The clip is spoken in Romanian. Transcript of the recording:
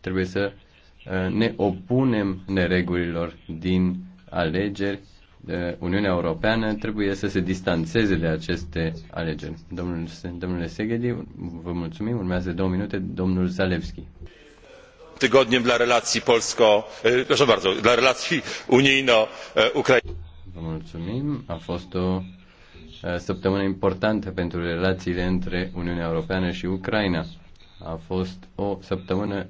Trebuie să uh, ne opunem neregulilor din alegeri. Uniunea Europeană trebuie să se distanțeze de aceste alegeri. Domnul, domnule Segedi, vă mulțumim. Urmează două minute domnul Zalewski. Tygodniem dla relacji polsko, proszę bardzo, dla relacji unijno-ukraińskich. Vă mulțumim. A fost o săptămână importantă pentru relațiile între Uniunea Europeană și Ucraina. A fost o săptămână